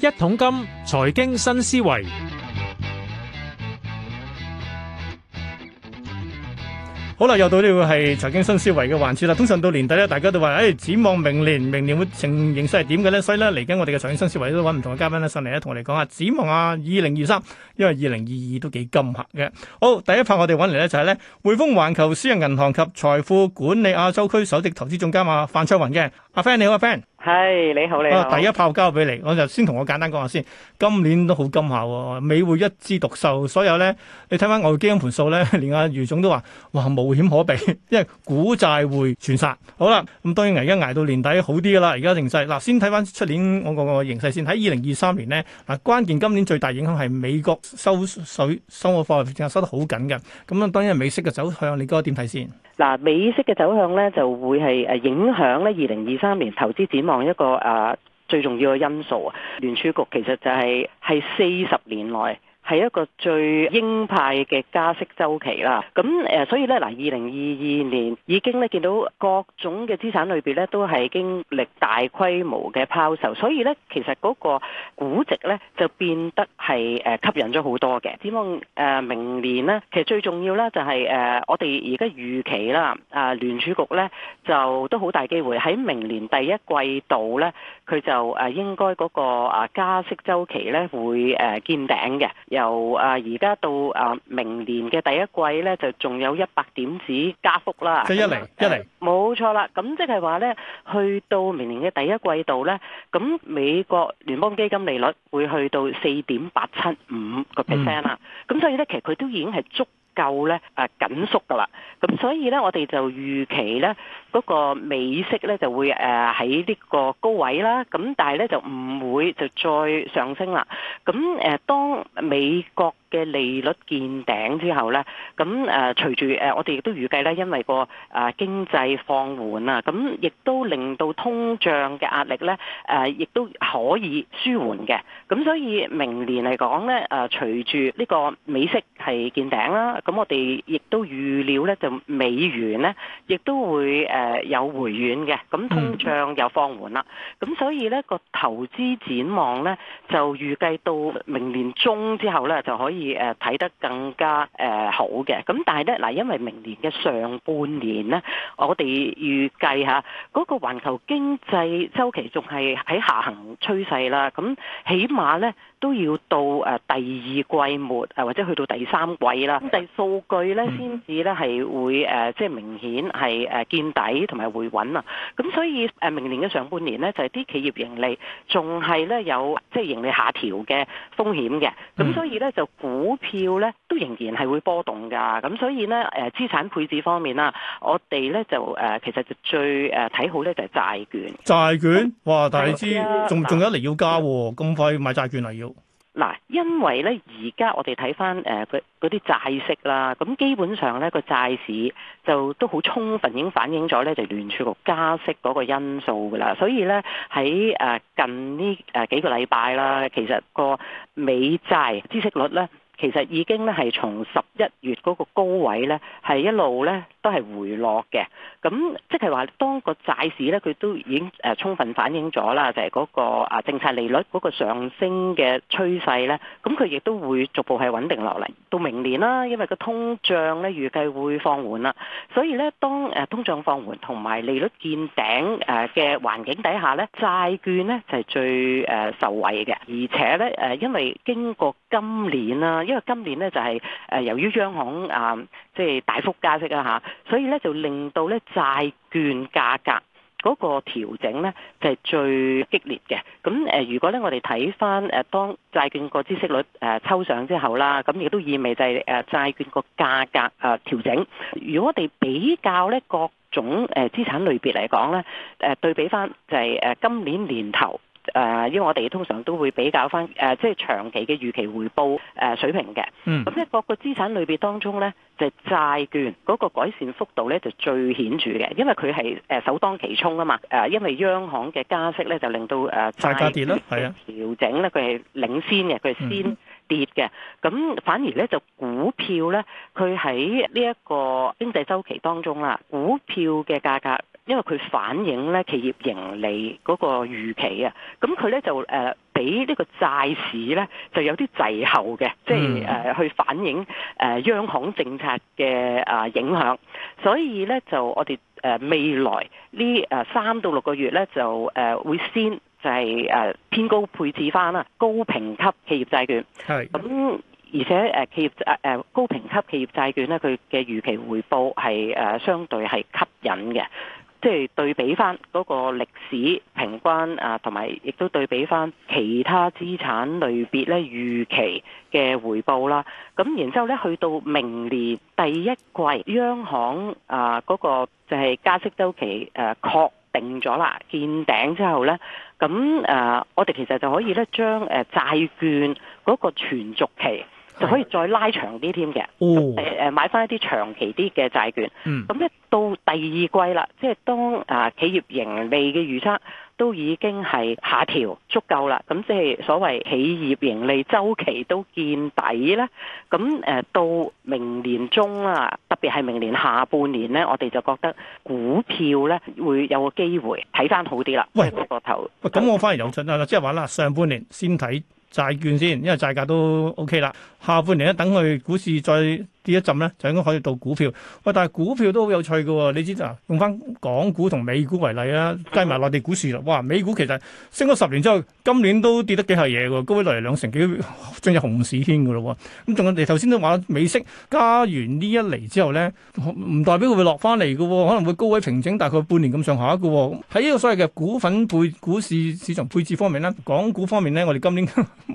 一桶金財經新思維，好啦，又到呢個係財經新思維嘅環節啦。通常到年底咧，大家都話誒，展望明年，明年會情形勢係點嘅咧，所以咧嚟緊我哋嘅財經新思維都揾唔同嘅嘉賓咧上嚟咧同我哋講下展望啊二零二三，因為二零二二都幾金客嘅。好，第一 part 我哋揾嚟咧就係咧滙豐環球私人銀行及財富管理亞洲區首席投資總監啊范卓雲嘅，阿 Fan 你好阿 Fan 係、哎、你好，你好。啊、第一炮交俾你，我就先同我簡單講下先。今年都好金下、哦、美匯一枝獨秀。所有咧，你睇翻基金盤數咧，連阿、啊、范總都話，哇，冇險可避，因為股債匯全殺。好啦，咁、嗯、當然而家捱到年底好啲啦，而家停勢。嗱，先睇翻出年我個形勢先。喺二零二三年咧，嗱，關鍵今年最大影響係美國收水收個貨幣政策收得好緊嘅。咁、嗯、啊，當然美息嘅走向，你覺得點睇先？美息嘅走向呢，就會係影響二零二三年投資展望一個、啊、最重要嘅因素啊。聯儲局其實就係係四十年內，係一個最鷹派嘅加息週期啦。咁誒、呃，所以咧嗱，二零二二年已經咧見到各種嘅資產類別咧都係經歷大規模嘅拋售，所以咧其實嗰個估值咧就變得係誒吸引咗好多嘅。希望誒明年呢，其實最重要咧就係誒我哋而家預期啦，啊聯儲局咧就都好大機會喺明年第一季度咧，佢就誒應該嗰個啊加息週期咧會誒見頂嘅。由啊而家到啊明年嘅第一季咧，就仲有一百點子加幅啦。即係一零一零，冇錯啦。咁即係話咧，去到明年嘅第一季度咧，咁美國聯邦基金利率會去到四點八七五個 percent 啦。咁、mm. 所以咧，其實佢都已經係足。夠咧，誒、啊、緊縮噶啦，咁所以咧，我哋就預期咧，嗰、嗰個美息咧就會誒喺呢個高位啦，咁但係咧就唔會就再上升啦，咁、啊、誒當美國嘅利率見頂之後咧，咁誒隨住誒我哋亦都預計咧，因為個誒經濟放緩啊，咁亦都令到通脹嘅壓力咧誒亦都可以舒緩嘅。咁所以明年嚟講咧誒隨住呢個美息係見頂啦，咁我哋亦都預料咧就美元咧，亦都會誒、啊、有回軟嘅。咁通脹又放緩啦，咁所以咧個投資展望咧就預計到明年中之後咧就可以。以睇得更加誒好嘅，咁但係呢，嗱，因為明年嘅上半年呢，我哋預計嚇嗰個環球經濟周期仲係喺下行趨勢啦，咁起碼呢都要到誒第二季末誒或者去到第三季啦，咁第數據呢，先至呢係會誒即係明顯係誒見底同埋回穩啊，咁所以誒明年嘅上半年呢，就係啲企業盈利仲係呢有即係盈利下調嘅風險嘅，咁所以呢，就。股票咧都仍然係會波動㗎，咁所以咧誒、呃、資產配置方面啦，我哋咧就誒、呃、其實就最誒睇、呃、好咧就係債券。債券？哇！但係知仲仲有嚟要加喎、啊，咁、嗯、快買債券啊要？嗱，因為咧而家我哋睇翻誒嗰啲債息啦，咁基本上咧個債市就都好充分已經反映咗咧就聯儲局加息嗰個因素㗎啦，所以咧喺誒近呢誒幾個禮拜啦，其實個美債孳息率咧。其實已經咧係從十一月嗰個高位咧，係一路咧都係回落嘅。咁即係話當個債市咧，佢都已經誒、呃、充分反映咗啦，就係、是、嗰、那個啊政策利率嗰個上升嘅趨勢咧。咁佢亦都會逐步係穩定落嚟，到明年啦，因為個通脹咧預計會放緩啦。所以咧，當誒、呃、通脹放緩同埋利率見頂誒嘅環境底下咧，債券咧就係、是、最誒受惠嘅。而且咧誒，因為經過今年啦。呃呃因為今年咧就係誒由於央行啊即係大幅加息啦嚇，所以咧就令到咧債券價格嗰個調整咧就係最激烈嘅。咁誒如果咧我哋睇翻誒當債券個孳息率誒抽上之後啦，咁亦都意味就係誒債券個價格誒調整。如果我哋比較咧各種誒資產類別嚟講咧，誒對比翻就係誒今年年頭。誒，因為我哋通常都會比較翻誒、呃，即係長期嘅預期回報誒、呃、水平嘅。嗯。咁即係各個資產類別當中咧，就債、是、券嗰個改善幅度咧就最顯著嘅，因為佢係誒首當其衝啊嘛。誒，因為央行嘅加息咧就令到誒債價跌啦。係啊、嗯。調整咧，佢係領先嘅，佢係先跌嘅。咁、嗯、反而咧就股票咧，佢喺呢一個經濟周期當中啦，股票嘅價格。因為佢反映咧企業盈利嗰個預期啊，咁佢咧就誒俾、呃、呢個債市咧就有啲滯後嘅，即係誒、呃、去反映誒、呃、央行政策嘅啊、呃、影響，所以咧就我哋誒、呃、未來呢誒三到六個月咧就誒、呃、會先就係誒偏高配置返啦高評級企業債券，咁是、呃、而且誒企業誒、呃、高評級企業債券咧佢嘅預期回報係誒相對係吸引嘅。即係對比翻嗰個歷史平均啊，同埋亦都對比翻其他資產類別咧預期嘅回報啦。咁、啊、然之後咧，去到明年第一季，央行啊嗰、嗰個就係加息週期誒確、啊、定咗啦，見頂之後咧，咁、啊、誒我哋其實就可以咧將誒債券嗰個存續期，就可以再拉長啲添嘅，誒誒、哦、買翻一啲長期啲嘅債券。咁咧、嗯、到第二季啦，即、就、係、是、當啊企業盈利嘅預測都已經係下調足夠啦。咁即係所謂企業盈利週期都見底咧。咁誒到明年中啦，特別係明年下半年咧，我哋就覺得股票咧會有個機會睇翻好啲啦喂。喂，個頭、嗯。咁我反而有信啊，即係話啦，上半年先睇，債券先，因為債價都 OK 啦。下半年咧，等佢股市再跌一陣咧，就應該可以到股票。喂，但係股票都好有趣㗎喎。你知啊，用翻港股同美股為例啦，計埋內地股市啦。哇，美股其實升咗十年之後，今年都跌得幾係嘢嘅，高位落嚟兩成幾，進入熊市圈嘅咯。咁仲有你哋頭先都話美息加完呢一嚟之後咧，唔代表佢會落翻嚟嘅，可能會高位平整大概半年咁上下嘅。喺呢個所謂嘅股份配股市市場配置方面咧，港股方面咧，我哋今年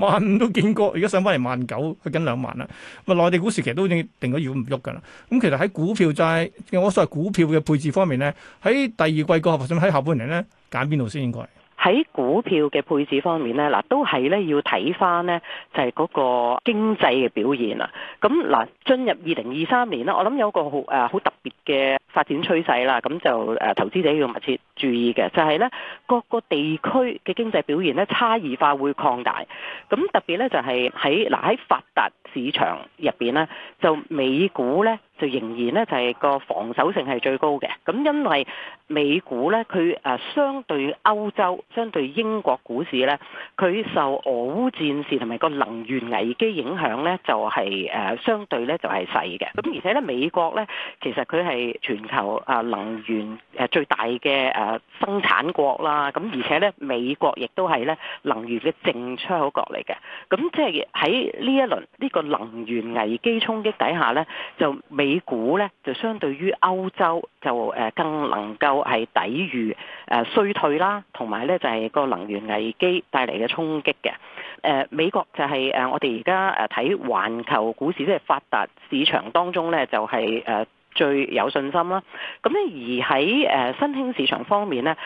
萬五 都見過，而家上翻嚟萬九，去緊兩萬啦。咪內地股市其實都已經。定咗要唔喐噶啦，咁其實喺股票、債，我所謂股票嘅配置方面咧，喺第二季過，甚至喺下半年咧，揀邊度先應該？喺股票嘅配置方面咧，嗱都係咧要睇翻咧，就係嗰個經濟嘅表現啦。咁嗱，進入二零二三年咧，我諗有個好誒好特別嘅。發展趨勢啦，咁就誒，投資者要密切注意嘅，就係呢：各個地區嘅經濟表現呢，差異化會擴大，咁特別呢，就係喺嗱喺發達市場入邊呢，就美股呢。就仍然咧，就係個防守性係最高嘅。咁因為美股咧，佢誒相對歐洲、相對英國股市咧，佢受俄烏戰事同埋個能源危機影響咧，就係、是、誒相對咧就係細嘅。咁而且咧，美國咧其實佢係全球誒能源誒最大嘅誒生產國啦。咁而且咧，美國亦都係咧能源嘅淨出口國嚟嘅。咁即係喺呢一輪呢、這個能源危機衝擊底下咧，就未。美股咧就相對於歐洲就誒更能夠係抵禦誒、呃、衰退啦，同埋咧就係、是、個能源危機帶嚟嘅衝擊嘅。誒、呃、美國就係、是、誒、呃、我哋而家誒睇環球股市，即係發達市場當中咧就係、是、誒、呃、最有信心啦。咁咧而喺誒新興市場方面咧，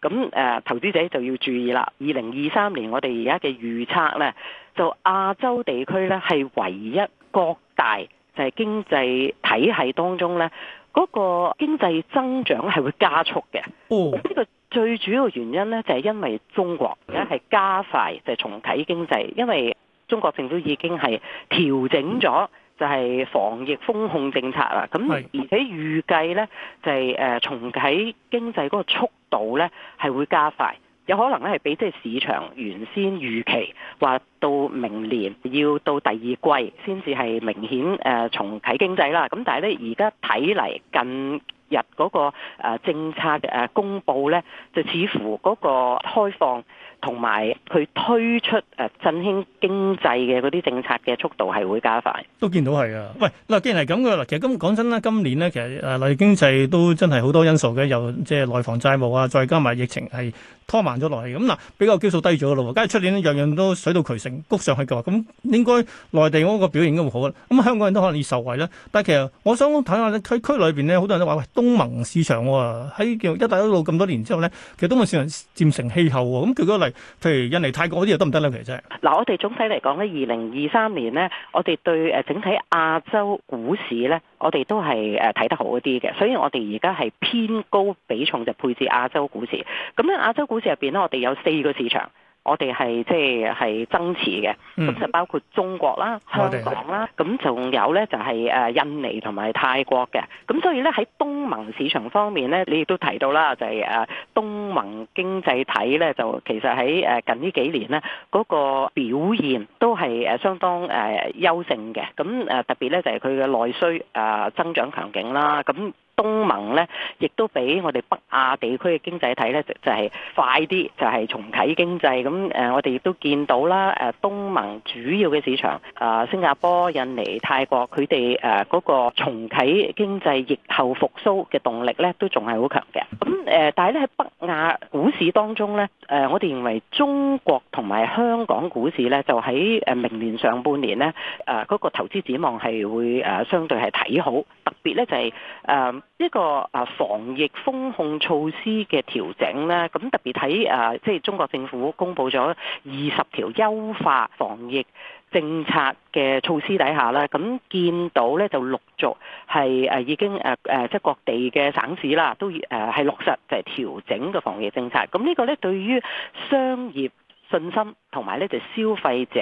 咁誒、呃、投資者就要注意啦。二零二三年我哋而家嘅預測咧，就亞洲地區咧係唯一各大。就係經濟體系當中咧，嗰個經濟增長係會加速嘅。哦，呢個最主要原因咧，就係因為中國而家係加快就係重啟經濟，因為中國政府已經係調整咗就係防疫封控政策啦。咁而且預計咧就係誒重啟經濟嗰個速度咧係會加快。有可能咧係比即係市場原先預期，話到明年要到第二季先至係明顯誒、呃、重啟經濟啦。咁但係咧而家睇嚟近日嗰個誒政策誒公布咧，就似乎嗰個開放。同埋佢推出誒振興經濟嘅嗰啲政策嘅速度係會加快，都見到係啊！喂，嗱，既然係咁嘅啦，其實咁講真啦，今年咧，其實誒內地經濟都真係好多因素嘅，又即係內房債務啊，再加埋疫情係拖慢咗落嚟。咁、嗯、嗱，比較基數低咗嘅咯喎，梗係出年咧樣樣都水到渠成，谷上去嘅話，咁應該內地嗰個表現都會好嘅。咁香港人都可能要受惠啦。但係其實我想睇下咧，區區裏邊咧好多人都話喂，東盟市場喎、啊，喺叫一帶一路咁多年之後咧，其實東盟市場漸成氣候喎、啊。咁舉個例。譬如印尼、泰國嗰啲嘢得唔得咧？其實，嗱，我哋總體嚟講咧，二零二三年咧，我哋對誒整體亞洲股市咧，我哋都係誒睇得好啲嘅，所以我哋而家係偏高比重就配置亞洲股市。咁咧，亞洲股市入面咧，我哋有四個市場。我哋係即係係增持嘅，咁就包括中國啦、香港啦，咁仲有咧就係誒印尼同埋泰國嘅，咁所以咧喺東盟市場方面咧，你亦都提到啦，就係誒東盟經濟體咧，就其實喺誒近呢幾年咧嗰個表現都係誒相當誒優勝嘅，咁誒特別咧就係佢嘅內需誒增長強勁啦，咁。東盟呢亦都比我哋北亞地區嘅經濟體呢，就就係快啲，就係重啟經濟。咁誒，我哋亦都見到啦。誒，東盟主要嘅市場，啊，新加坡、印尼、泰國，佢哋誒嗰個重啟經濟疫後復甦嘅動力呢，都仲係好強嘅。咁誒，但係咧喺北亞股市當中呢，誒、啊，我哋認為中國同埋香港股市呢，就喺誒明年上半年呢，誒、啊、嗰個投資展望係會誒相對係睇好，特別呢、就係誒。呢個啊防疫風控措施嘅調整呢，咁特別睇誒，即係中國政府公布咗二十條優化防疫政策嘅措施底下呢，咁見到呢就陸續係誒已經誒誒，即係各地嘅省市啦，都誒係落實就係、是、調整嘅防疫政策。咁、這、呢個呢對於商業。信心同埋咧就消費者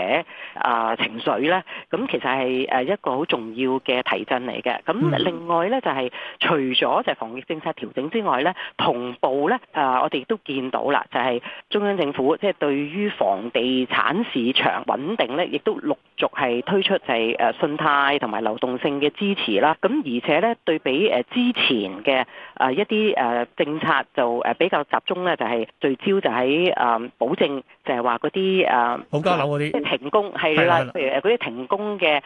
誒情緒咧，咁其實係誒一個好重要嘅提振嚟嘅。咁另外咧就係除咗就係防疫政策調整之外咧，同步咧誒我哋亦都見到啦，就係中央政府即係對於房地產市場穩定咧，亦都陸續係推出就係誒信貸同埋流動性嘅支持啦。咁而且咧對比誒之前嘅誒一啲誒政策就誒比較集中咧，就係聚焦就喺誒保證就。話嗰啲誒，保交樓嗰啲，即係停工係啦，譬如誒嗰啲停工嘅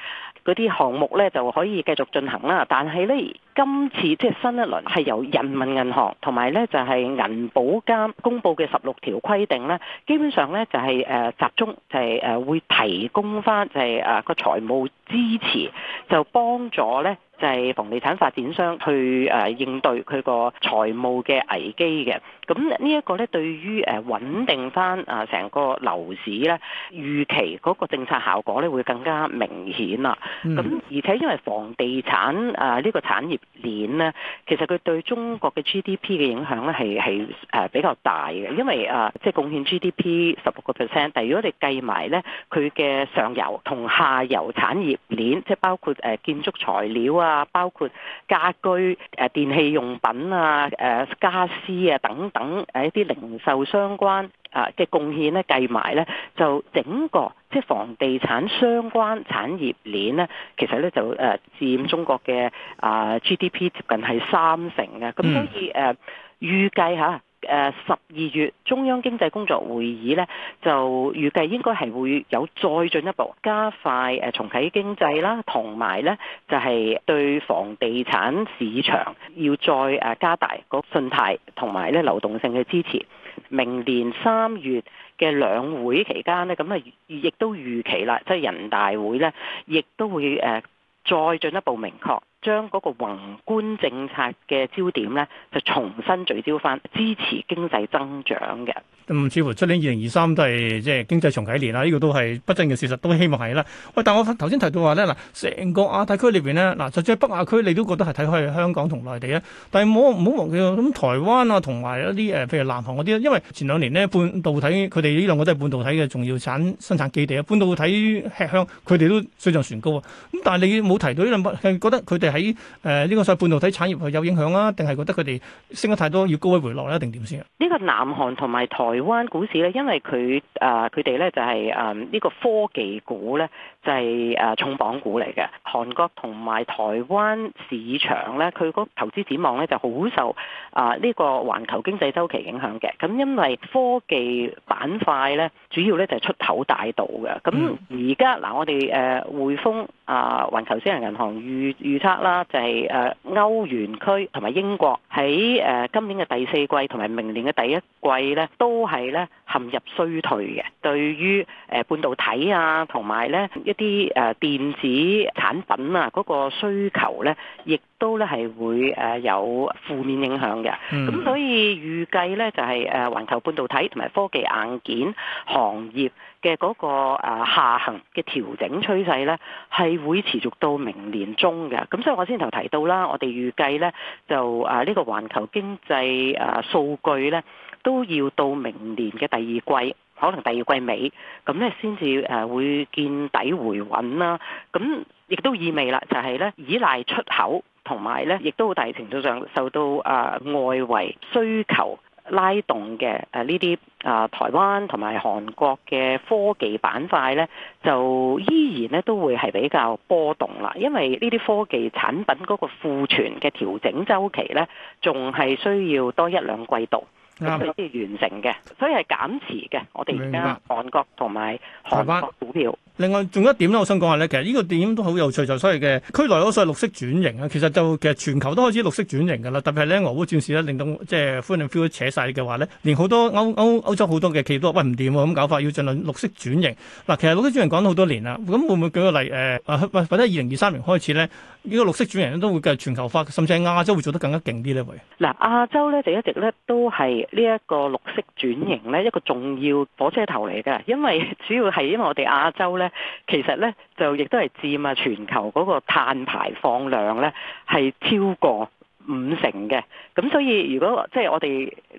嗰啲項目咧，就可以繼續進行啦。但係咧，今次即係新一輪係由人民銀行同埋咧就係、是、銀保監公布嘅十六條規定咧，基本上咧就係、是、誒集中就係、是、誒會提供翻就係誒個財務支持，就幫助咧就係、是、房地產發展商去誒應對佢個財務嘅危機嘅。咁呢一個咧，對於誒穩定翻啊成個樓市咧，預期嗰個政策效果咧會更加明顯啦。咁、嗯、而且因為房地產啊呢個產業鏈咧，其實佢對中國嘅 GDP 嘅影響咧係係誒比較大嘅，因為啊即係貢獻 GDP 十六個 percent，但如果你計埋咧佢嘅上游同下游產業鏈，即係包括誒建築材料啊，包括家居誒電器用品啊、誒家俬啊等，等誒一啲零售相關啊嘅貢獻咧計埋咧，就整個即係房地產相關產業鏈咧，其實咧就誒、呃、佔中國嘅啊、呃、GDP 接近係三成嘅，咁所以誒、呃、預計吓。誒十二月中央經濟工作會議呢，就預計應該係會有再進一步加快誒重啟經濟啦，同埋呢就係對房地產市場要再誒加大個信貸同埋呢流動性嘅支持。明年三月嘅兩會期間呢，咁啊亦都預期啦，即係人代會呢亦都會誒。呃再進一步明確，將嗰個宏觀政策嘅焦點呢，就重新聚焦返支持經濟增長嘅。似乎出年二零二三都係即係經濟重啟年啦，呢、這個都係不爭嘅事實，都希望係啦。喂，但我頭先提到話咧，嗱，成個亞太區裏邊咧，嗱，就即係北亞區，你都覺得係睇開香港同內地啊？但係冇唔好忘記啊，咁台灣啊，同埋一啲誒譬如南韓嗰啲因為前兩年呢，半導體佢哋呢兩個都係半導體嘅重要產生產基地啊，半導體吃香，佢哋都水漲船高啊。咁但係你冇提到呢兩 part 覺得佢哋喺誒呢個所謂半導體產業係有影響啊？定係覺得佢哋升得太多要高位回落咧？定點先？呢個南韓同埋台。台灣股市咧，因為佢誒佢哋咧就係誒呢個科技股咧，就係誒重磅股嚟嘅。韓國同埋台灣市場咧，佢個投資展望咧就好受啊呢個環球經濟周期影響嘅。咁因為科技板塊咧，主要咧就係出口大道嘅。咁而家嗱，我哋誒匯豐啊，環球私人銀行預預測啦，就係誒歐元區同埋英國喺誒今年嘅第四季同埋明年嘅第一季咧都。都係咧陷入衰退嘅，對於誒半導體啊，同埋咧一啲誒電子產品啊，嗰、那個需求咧，亦都咧係會誒有負面影響嘅。咁、嗯、所以預計咧就係誒環球半導體同埋科技硬件行業嘅嗰個誒下行嘅調整趨勢咧，係會持續到明年中嘅。咁所以我先頭提到啦，我哋預計咧就誒呢個環球經濟誒數據咧。都要到明年嘅第二季，可能第二季尾咁咧，先至誒會見底回穩啦。咁亦都意味啦，就係咧依賴出口同埋咧，亦都好大程度上受到誒外圍需求拉動嘅誒呢啲誒台灣同埋韓國嘅科技板塊咧，就依然咧都會係比較波動啦。因為呢啲科技產品嗰個庫存嘅調整周期咧，仲係需要多一兩季度。佢先 完成嘅，所以係減持嘅。我哋而家韓國同埋韓國股票。另外仲有一點咧，我想講下咧，其實呢個點都好有趣，就是、所謂嘅區內嗰所謂綠色轉型啊，其實就其實全球都開始綠色轉型㗎啦，特別係咧俄烏戰事，咧，令到即係 f i n 扯晒嘅話咧，連好多歐歐歐洲好多嘅企業都話喂唔掂喎，咁、啊、搞法要儘量綠色轉型。嗱，其實綠色轉型講咗好多年啦，咁會唔會舉個例誒、呃？或者二零二三年開始咧，呢個綠色轉型咧都會繼續全球化，甚至係亞洲會做得更加勁啲咧？會，嗱，亞洲咧就一直咧都係呢一個綠色轉型咧一個重要火車頭嚟㗎，因為主要係因為我哋亞洲咧。其實咧就亦都係佔啊全球嗰個碳排放量咧，係超過五成嘅。咁所以如果即係、就是、我哋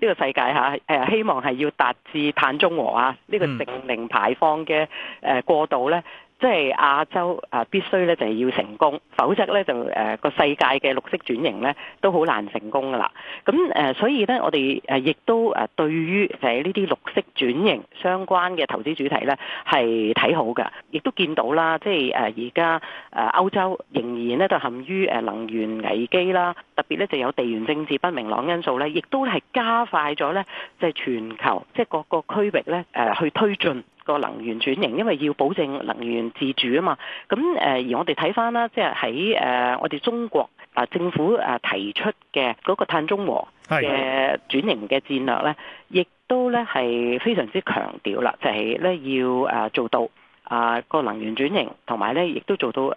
呢個世界嚇，誒希望係要達至碳中和啊，呢、這個淨零排放嘅誒過渡咧。即係亞洲啊，必須咧就係要成功，否則咧就誒個世界嘅綠色轉型咧都好難成功噶啦。咁誒，所以咧我哋誒亦都誒對於喺呢啲綠色轉型相關嘅投資主題咧係睇好嘅，亦都見到啦，即係誒而家誒歐洲仍然咧都陷於誒能源危機啦，特別咧就有地緣政治不明朗因素咧，亦都係加快咗咧即係全球即係各個區域咧誒去推進個能源轉型，因為要保證能源自主啊嘛。咁誒、呃，而我哋睇翻啦，即係喺誒我哋中國啊、呃、政府誒提出嘅嗰個碳中和嘅轉型嘅戰略咧，亦都咧係非常之強調啦，就係、是、咧要誒做到啊個、呃、能源轉型，同埋咧亦都做到誒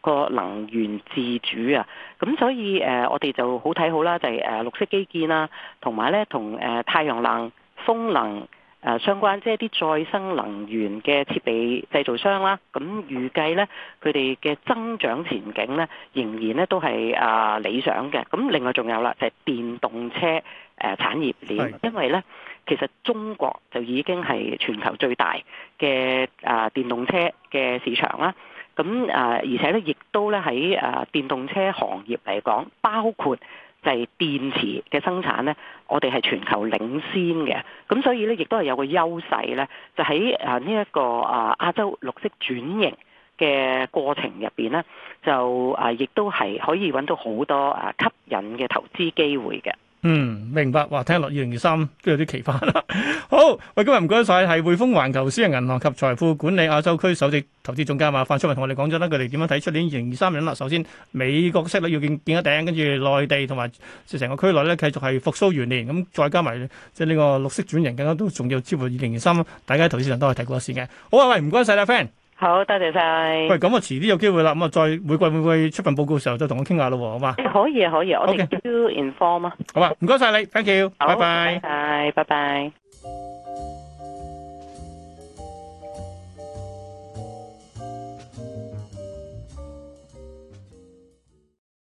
個、呃、能源自主啊。咁所以誒、呃，我哋就好睇好啦，就係、是、誒綠色基建啦，同埋咧同誒太陽能、風能。誒、呃、相關，即係啲再生能源嘅設備製造商啦，咁、啊呃、預計呢，佢哋嘅增長前景呢，仍然呢都係啊、呃、理想嘅。咁另外仲有啦，就係、是、電動車誒、呃、產業鏈，的因為呢，其實中國就已經係全球最大嘅啊、呃、電動車嘅市場啦。咁啊，而且呢，亦都呢喺啊電動車行業嚟講，包括。就係電池嘅生產咧，我哋係全球領先嘅，咁所以咧亦都係有個優勢咧，就喺誒呢一個誒、啊、亞洲綠色轉型嘅過程入邊咧，就誒、啊、亦都係可以搵到好多誒、啊、吸引嘅投資機會嘅。嗯，明白。話聽落二零二三，都有啲奇葩啦。 好，喂，今日唔該晒，係滙豐環球私人銀行及財富管理亞洲區首席投資總監啊，范卓雲同我哋講咗啦，佢哋點樣睇出年二零二三年呢？首先，美國息率要見見一頂，跟住內地同埋成個區內咧，繼續係復蘇元年。咁再加埋即係呢個綠色轉型，更加都仲要超過二零二三，大家投資人都係提過線嘅。好啊，喂，唔該晒啦，friend。 好，多謝曬。喂，咁我遲啲有機會啦，咁啊，再每季每季出份報告嘅時候，再同我傾下咯，好嘛？可以啊，可以。我哋要 inform 啊。好啊，唔該曬你，thank you，拜拜。拜拜，拜拜。